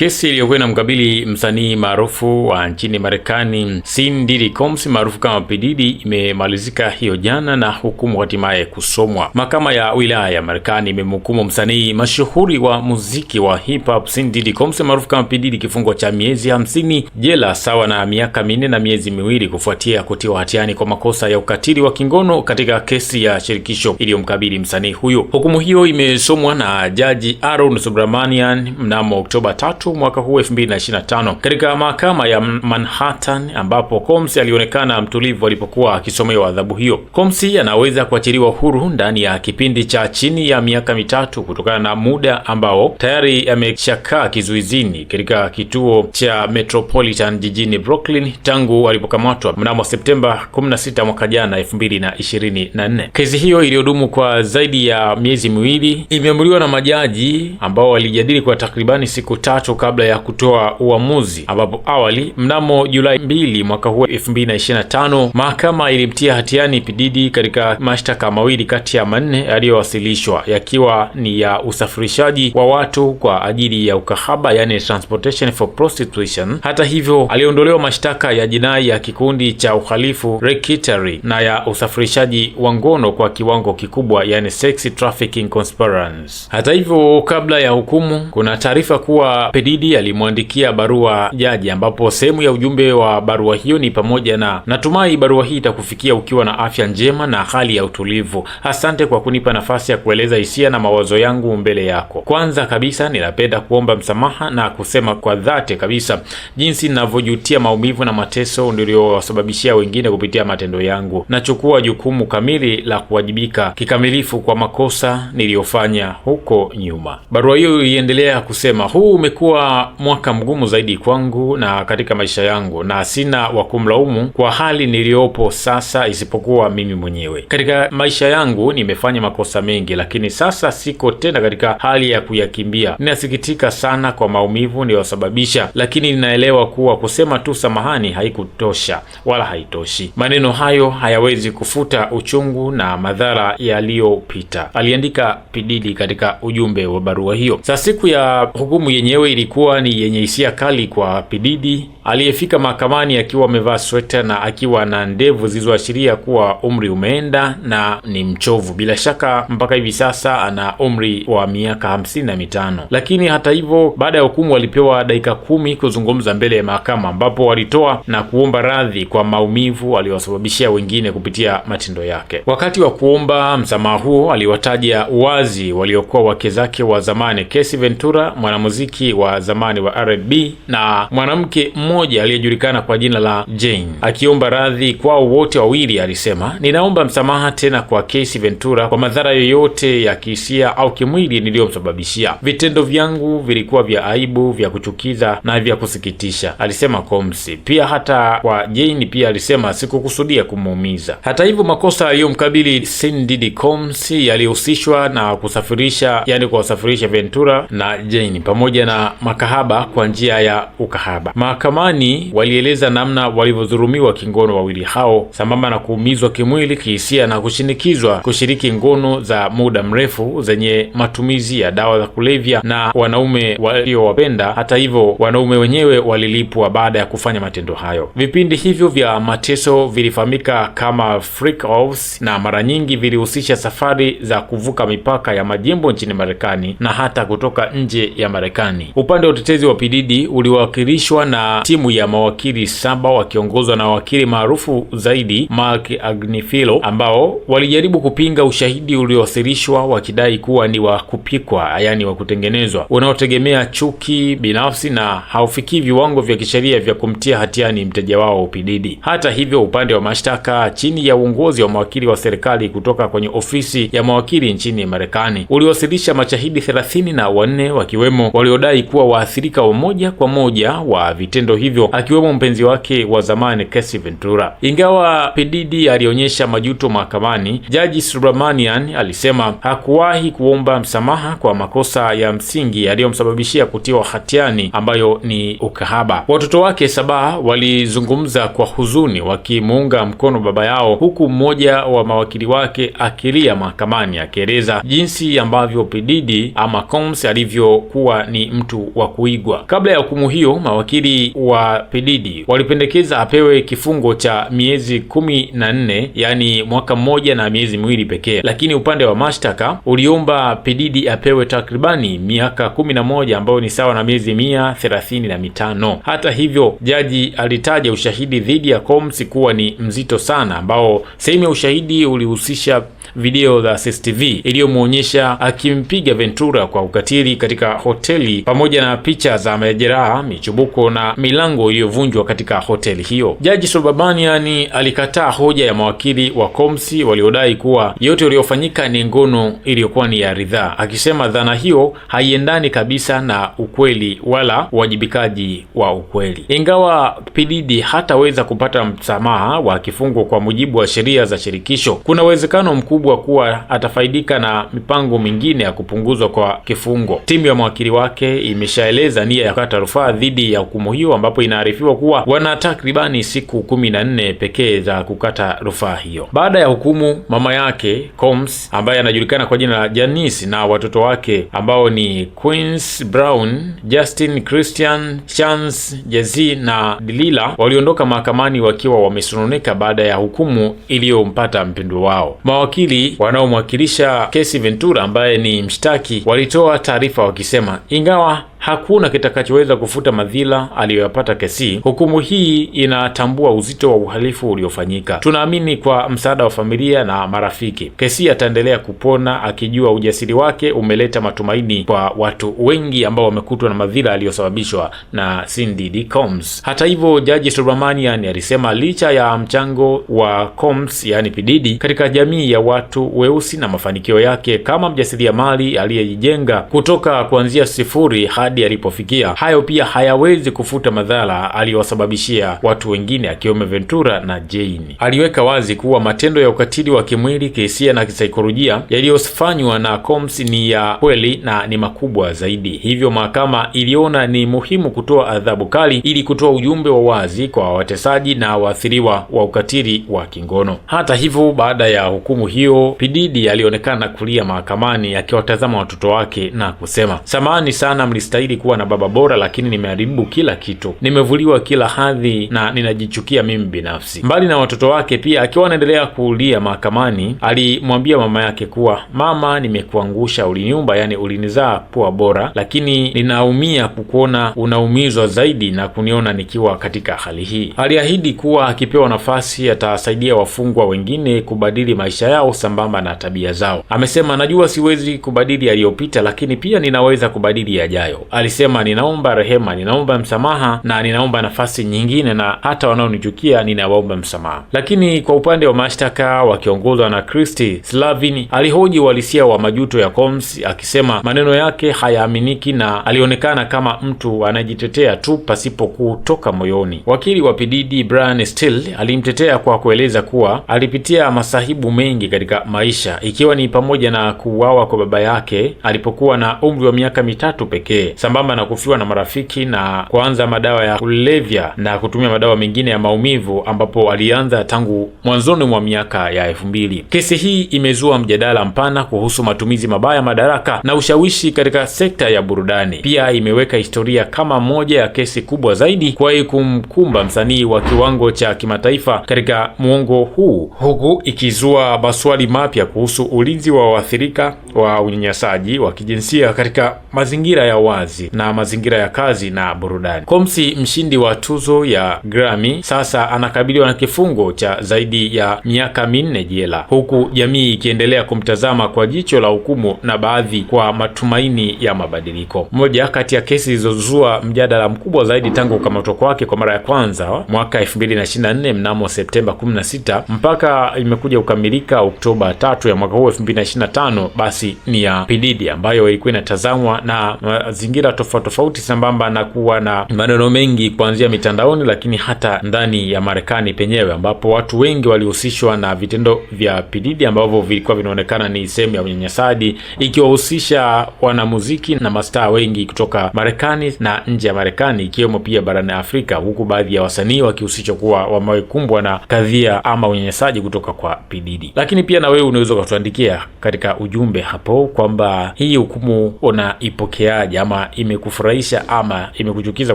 Kesi iliyokuwa inamkabili msanii maarufu wa nchini Marekani Sean Diddy Combs maarufu kama P Diddy imemalizika hiyo jana na hukumu hatimaye kusomwa. Mahakama ya wilaya ya Marekani imemhukumu msanii mashuhuri wa muziki wa hip hop Sean Diddy Combs maarufu kama P Diddy kifungo cha miezi hamsini jela sawa na miaka minne na miezi miwili kufuatia kutiwa hatiani kwa makosa ya ukatili wa kingono katika kesi ya shirikisho iliyomkabili msanii huyo. Hukumu hiyo imesomwa na Jaji Aaron Subramanian mnamo Oktoba 3 tatu mwaka huu 2025 katika mahakama ya Manhattan ambapo Combs alionekana mtulivu alipokuwa akisomewa adhabu hiyo. Combs anaweza kuachiliwa huru ndani ya kipindi cha chini ya miaka mitatu kutokana na muda ambao tayari ameshakaa kizuizini katika kituo cha Metropolitan jijini Brooklyn tangu alipokamatwa mnamo Septemba 16 mwaka jana 2024. Kesi hiyo iliyodumu kwa zaidi ya miezi miwili imeamuliwa na majaji ambao walijadili kwa takribani siku tatu kabla ya kutoa uamuzi, ambapo awali mnamo Julai 2 mwaka huu 2025 mahakama ilimtia hatiani Pididi katika mashtaka mawili kati ya manne yaliyowasilishwa yakiwa ni ya usafirishaji wa watu kwa ajili ya ukahaba, yani transportation for prostitution. Hata hivyo, aliondolewa mashtaka ya jinai ya kikundi cha uhalifu racketeering na ya usafirishaji wa ngono kwa kiwango kikubwa, yani sex trafficking conspiracy. Hata hivyo, kabla ya hukumu, kuna taarifa kuwa Pedidi alimwandikia barua jaji, ambapo sehemu ya ujumbe wa barua hiyo ni pamoja na natumai barua hii itakufikia ukiwa na afya njema na hali ya utulivu. Asante kwa kunipa nafasi ya kueleza hisia na mawazo yangu mbele yako. Kwanza kabisa, ninapenda kuomba msamaha na kusema kwa dhati kabisa jinsi ninavyojutia maumivu na mateso niliyowasababishia wengine kupitia matendo yangu. Nachukua jukumu kamili la kuwajibika kikamilifu kwa makosa niliyofanya huko nyuma. Barua hiyo iendelea kusema, huu umekuwa umekuwa mwaka mgumu zaidi kwangu na katika maisha yangu, na sina wa kumlaumu kwa hali niliyopo sasa isipokuwa mimi mwenyewe. Katika maisha yangu nimefanya makosa mengi, lakini sasa siko tena katika hali ya kuyakimbia. Ninasikitika sana kwa maumivu niliyosababisha, lakini ninaelewa kuwa kusema tu samahani haikutosha wala haitoshi. Maneno hayo hayawezi kufuta uchungu na madhara yaliyopita, aliandika Pididi katika ujumbe wa barua hiyo. Saa siku ya hukumu yenyewe ilikuwa ni yenye hisia kali kwa Pididi aliyefika mahakamani akiwa amevaa sweta na akiwa na ndevu zilizoashiria kuwa umri umeenda na ni mchovu. Bila shaka mpaka hivi sasa ana umri wa miaka hamsini na mitano. Lakini hata hivyo, baada ya hukumu walipewa dakika kumi kuzungumza mbele ya mahakama, ambapo walitoa na kuomba radhi kwa maumivu aliyowasababishia wengine kupitia matendo yake. Wakati wa kuomba msamaha huo, aliwataja wazi waliokuwa wake zake wa zamani, Kesi Ventura, mwanamuziki wa wa zamani wa rb na mwanamke mmoja aliyejulikana kwa jina la Jane. Akiomba radhi kwao wote wawili, alisema ninaomba msamaha tena kwa Cassie Ventura kwa madhara yoyote ya kihisia au kimwili niliyomsababishia. Vitendo vyangu vilikuwa vya aibu, vya kuchukiza na vya kusikitisha, alisema Combs. Pia hata kwa Jane pia alisema sikukusudia kumuumiza. Hata hivyo, makosa aliyomkabili yaliyomkabili Sindidi Combs yalihusishwa na kusafirisha, yani kwa kusafirisha Ventura na Jane pamoja na makahaba kwa njia ya ukahaba. Mahakamani walieleza namna walivyodhulumiwa kingono wawili hao, sambamba na kuumizwa kimwili, kihisia na kushinikizwa kushiriki ngono za muda mrefu zenye matumizi ya dawa za kulevya na wanaume waliowapenda. Hata hivyo, wanaume wenyewe walilipwa baada ya kufanya matendo hayo. Vipindi hivyo vya mateso vilifahamika kama freak offs na mara nyingi vilihusisha safari za kuvuka mipaka ya majimbo nchini Marekani na hata kutoka nje ya Marekani. Upande wa utetezi wa Pididi uliwakilishwa na timu ya mawakili saba wakiongozwa na wakili maarufu zaidi Mark Agnifilo, ambao walijaribu kupinga ushahidi uliowasilishwa wakidai kuwa ni wa kupikwa, yani wa kutengenezwa, unaotegemea chuki binafsi na haufikii viwango vya kisheria vya kumtia hatiani mteja wao Pididi. Hata hivyo, upande wa mashtaka chini ya uongozi wa mawakili wa serikali kutoka kwenye ofisi ya mawakili nchini Marekani uliwasilisha mashahidi thelathini na wanne wakiwemo waliodai kuwa kuwa waathirika wa moja kwa moja wa vitendo hivyo, akiwemo mpenzi wake wa zamani Kesi Ventura. Ingawa Pedidi alionyesha majuto mahakamani, Jaji Subramanian alisema hakuwahi kuomba msamaha kwa makosa ya msingi yaliyomsababishia kutiwa hatiani ambayo ni ukahaba. Watoto wake saba walizungumza kwa huzuni wakimuunga mkono baba yao, huku mmoja wa mawakili wake akilia mahakamani akieleza jinsi ambavyo Pedidi ama Combs alivyokuwa ni mtu wa kuigwa. Kabla ya hukumu hiyo, mawakili wa Pididi walipendekeza apewe kifungo cha miezi kumi na nne yaani mwaka mmoja na miezi miwili pekee, lakini upande wa mashtaka uliomba Pididi apewe takribani miaka kumi na moja ambayo ni sawa na miezi mia thelathini na mitano. Hata hivyo, jaji alitaja ushahidi dhidi ya Combs kuwa ni mzito sana, ambao sehemu ya ushahidi ulihusisha video za CCTV iliyomwonyesha akimpiga Ventura kwa ukatili katika hoteli pamoja na picha za majeraha, michubuko na milango iliyovunjwa katika hoteli hiyo. Jaji Sobabaniani alikataa hoja ya mawakili wa Komsi waliodai kuwa yote yaliyofanyika ni ngono iliyokuwa ni ya ridhaa, akisema dhana hiyo haiendani kabisa na ukweli wala uwajibikaji wa ukweli. Ingawa Pididi hataweza kupata msamaha wa kifungo kwa mujibu wa sheria za shirikisho, kuna uwezekano mkubwa kubwa kuwa atafaidika na mipango mingine ya kupunguzwa kwa kifungo. Timu ya mawakili wake imeshaeleza nia ya kata rufaa dhidi ya hukumu hiyo, ambapo inaarifiwa kuwa wana takribani siku kumi na nne pekee za kukata rufaa hiyo. Baada ya hukumu, mama yake Combs ambaye anajulikana kwa jina la Janice na watoto wake ambao ni Queens Brown, Justin, Christian, Chance, Jezi na Dilila waliondoka mahakamani wakiwa wamesononeka baada ya hukumu iliyompata mpendwa wao mawakili mawakili wanaomwakilisha Kesi Ventura ambaye ni mshtaki walitoa taarifa wakisema ingawa hakuna kitakachoweza kufuta madhila aliyoyapata Kesi. Hukumu hii inatambua uzito wa uhalifu uliofanyika. Tunaamini kwa msaada wa familia na marafiki, Kesi ataendelea kupona akijua ujasiri wake umeleta matumaini kwa watu wengi ambao wamekutwa na madhila aliyosababishwa na Cindy D. Combs. Hata hivyo, Jaji Subramanian alisema licha ya mchango wa Combs, yani Pididi, katika jamii ya watu weusi na mafanikio yake kama mjasiriamali aliyejijenga kutoka kuanzia sifuri hadi hadi alipofikia. Hayo pia hayawezi kufuta madhara aliyowasababishia watu wengine akiwemo Ventura na Jane. Aliweka wazi kuwa matendo ya ukatili wa kimwili, kihisia na kisaikolojia yaliyofanywa na Combs ni ya kweli na ni makubwa zaidi. Hivyo mahakama iliona ni muhimu kutoa adhabu kali ili kutoa ujumbe wa wazi kwa watesaji na waathiriwa wa ukatili wa kingono. Hata hivyo, baada ya hukumu hiyo, Pididi alionekana kulia mahakamani akiwatazama watoto wake na kusema, samahani sana mlista nilistahili kuwa na baba bora, lakini nimeharibu kila kitu, nimevuliwa kila hadhi na ninajichukia mimi binafsi. Mbali na watoto wake, pia akiwa anaendelea kulia mahakamani, alimwambia mama yake kuwa mama, nimekuangusha, uliniumba, yani ulinizaa kuwa bora, lakini ninaumia kukuona unaumizwa zaidi na kuniona nikiwa katika hali hii. Aliahidi kuwa akipewa nafasi atasaidia wafungwa wengine kubadili maisha yao sambamba na tabia zao. Amesema, najua siwezi kubadili yaliyopita, lakini pia ninaweza kubadili yajayo alisema, ninaomba rehema, ninaomba msamaha na ninaomba nafasi nyingine, na hata wanaonichukia ninawaomba msamaha. Lakini kwa upande wa mashtaka wakiongozwa na Kristi Slavin alihoji uhalisia wa majuto ya Combs akisema maneno yake hayaaminiki na alionekana kama mtu anajitetea tu pasipo kutoka moyoni. Wakili wa Pididi Brian Steele alimtetea kwa kueleza kuwa alipitia masahibu mengi katika maisha, ikiwa ni pamoja na kuuawa kwa baba yake alipokuwa na umri wa miaka mitatu pekee sambamba na kufiwa na marafiki na kuanza madawa ya kulevya na kutumia madawa mengine ya maumivu, ambapo alianza tangu mwanzoni mwa miaka ya elfu mbili. Kesi hii imezua mjadala mpana kuhusu matumizi mabaya madaraka na ushawishi katika sekta ya burudani. Pia imeweka historia kama moja ya kesi kubwa zaidi kuwahi kumkumba msanii wa kiwango cha kimataifa katika muongo huu, huku ikizua maswali mapya kuhusu ulinzi wa waathirika wa unyanyasaji wa kijinsia katika mazingira ya wazi kazi na mazingira ya kazi na burudani. Combs, mshindi wa tuzo ya Grammy, sasa anakabiliwa na kifungo cha zaidi ya miaka minne jela, huku jamii ikiendelea kumtazama kwa jicho la hukumu na baadhi kwa matumaini ya mabadiliko. Moja kati ya kesi zilizozua mjadala mkubwa zaidi tangu kukamatwa kwake kwa mara ya kwanza mwaka 2024 mnamo Septemba 16 mpaka imekuja kukamilika Oktoba 3 ya mwaka huu 2025, basi ni ya pididi ambayo ilikuwa inatazamwa na mazingira uh, mazingira tofauti tofauti, sambamba na kuwa na maneno mengi kuanzia mitandaoni, lakini hata ndani ya Marekani penyewe, ambapo watu wengi walihusishwa na vitendo vya pididi ambavyo vilikuwa vinaonekana ni sehemu ya unyanyasaji, ikiwahusisha wanamuziki na mastaa wengi kutoka Marekani na nje ya Marekani, ikiwemo pia barani Afrika, huku baadhi ya wasanii wakihusishwa kuwa wamekumbwa na kadhia ama unyanyasaji kutoka kwa pididi. Lakini pia na wewe unaweza ukatuandikia katika ujumbe hapo kwamba hii hukumu unaipokeaje ama imekufurahisha ama imekuchukiza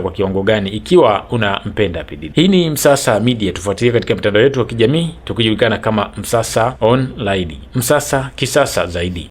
kwa kiwango gani, ikiwa unampenda P Diddy. Hii ni Msasa Media, tufuatilie katika mitandao yetu ya kijamii tukijulikana kama Msasa Online. Msasa kisasa zaidi.